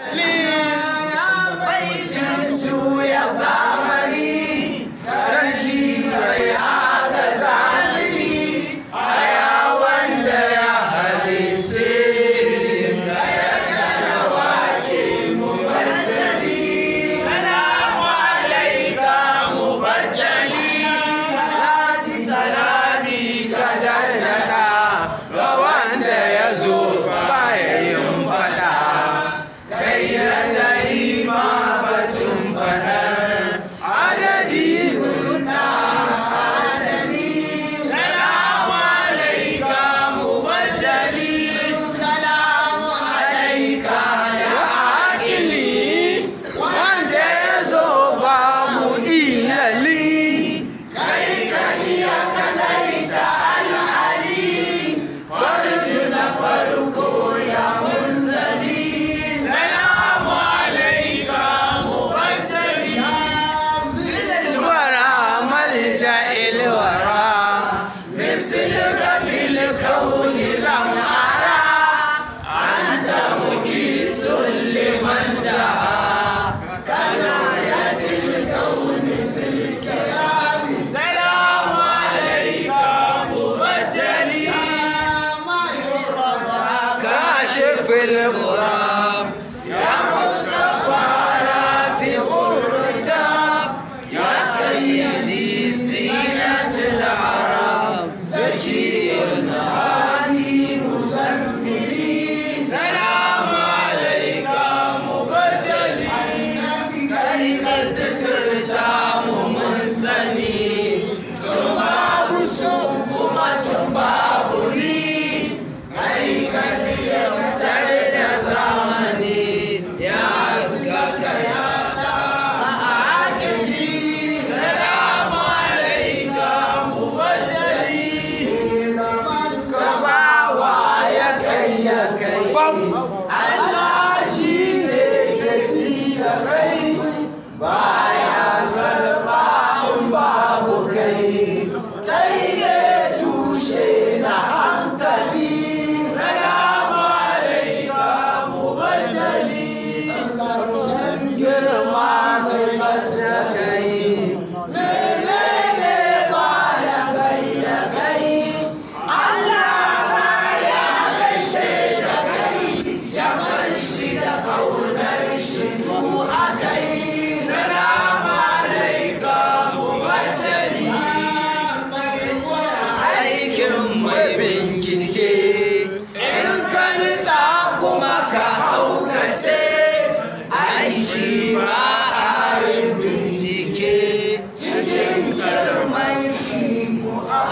Ali, ya bai ya zamani. في الغرام Muhammad.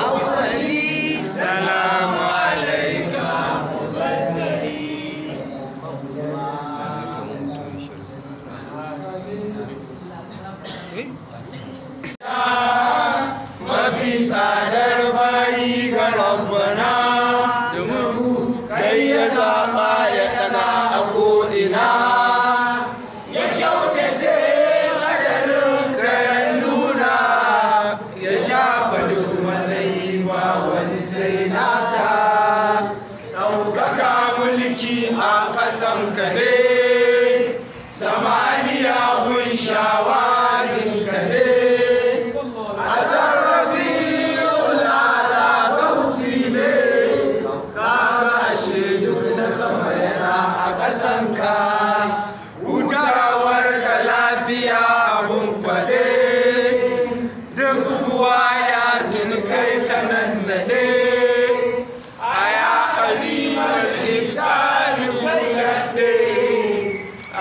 sami daɗe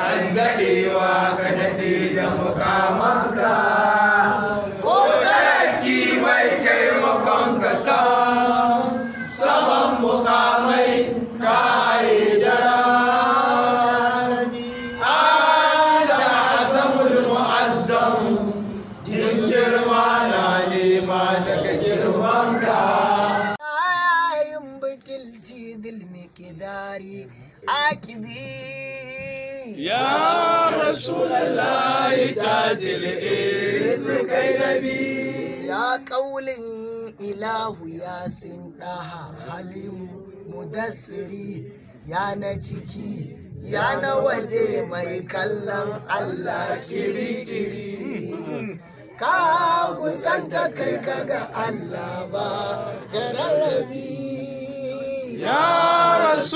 an daɗewa ka daɗe da mukamanka ko taraki mai taimakon ka saman mukamai ka aida anta azamul mu'azzam jinjira bari akibi ya rasulallah ta jil'i kai nabi ya ƙaunin ilahu ya sin ɗaha halimu dasiri. ya na ciki ya na waje mai kallon allah kiri-kiri ka kusanta kai kaga allah ba jararabi ya rasu